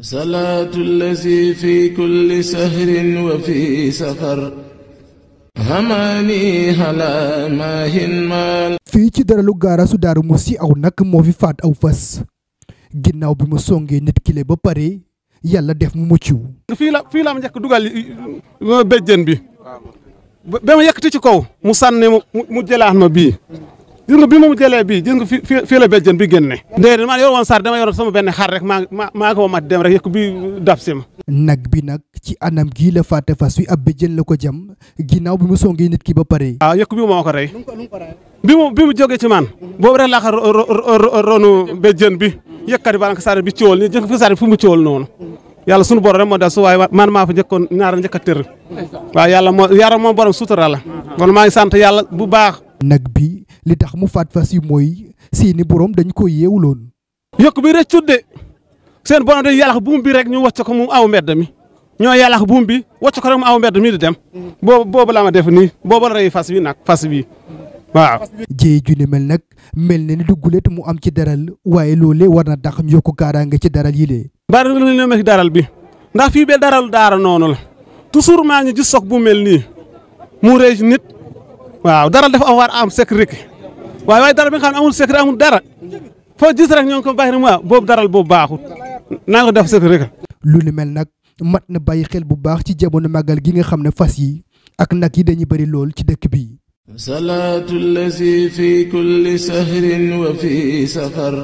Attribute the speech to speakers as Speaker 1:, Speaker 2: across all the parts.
Speaker 1: salaatu allazi fi kulli sahrin wa fi safar hamani hala maahin
Speaker 2: fii ci daralu gaaraasu Daaru Muxti aw nag moo fi faat aw fas ginnaaw bi mu songee nit kile ba pare yàlla def mu mucc
Speaker 3: fii la fii la am njëkk dugal uh, béjjën bi ba ma yëkkati ci kaw mu sànni mu jëlaat ma bii gis nga bi moom jëlee bii gis nga fi fii la béjjën bi génne ndee dama yor woon sar dama yor sama benn xar rek maa maa ko mat dem rek yëkk bi dab si ma
Speaker 2: nag bi anam gii la fàtte fas wi ab béjjën la ko jam naw bi mu songee nit ki ba pare
Speaker 3: waaw ah, yëkk bi moo ko rey bi mu bi mu man boobu rek laa ko ronu béjjën bi yëkkati barank sar bi cool ni jëkk fi sar fu mu cool noonu yàlla sunu borom rek moo dal su waaye man maa fa njëkkoon ñaar njëkk a tër waaw moo yaram moom borom sutura la kon maa ngi bu baax
Speaker 2: nag bi li tax mu faat fas yi mooy seeni borom dañ ko yeewuloon. yokk bi rëcc tudde seen borom dañu yàllax
Speaker 3: buum bi rek ñu wàcc ko mu aw mbedd mi ñoo yàllax buum bi wàcc ko rek mu aw mbedd mi di dem. boobu boobu laa ma def nii boobu la rey fas wi nag fas wi waaw.
Speaker 2: jéey ju ni mel nag mel na ni duggulet mu am ci daral waaye loolee war na tax ñu yokk kaaraange ci daral yi lee. bari
Speaker 3: na lu ci daral bi ndax fii be daral daara noonu la toujours maa ngi gis soog mel nii mu rëy nit waaw daral dafa war am sécurité waaye waaye dara bi nga xam ne amul secret amul dara foo gis rek ñoo ngi ko bàyyi rek waaw boobu daral boobu baaxul naa def secret
Speaker 2: rek. lu ni mel nag mat na bay xel bu baax ci jamono màggal gi nga xam ne fas yi ak nag yi dañuy bëri lool ci dëkk bi.
Speaker 1: salaatu lazi fi kulli sahrin wa fi safar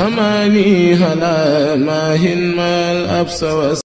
Speaker 1: هما لي هلا ماهن ما الأبس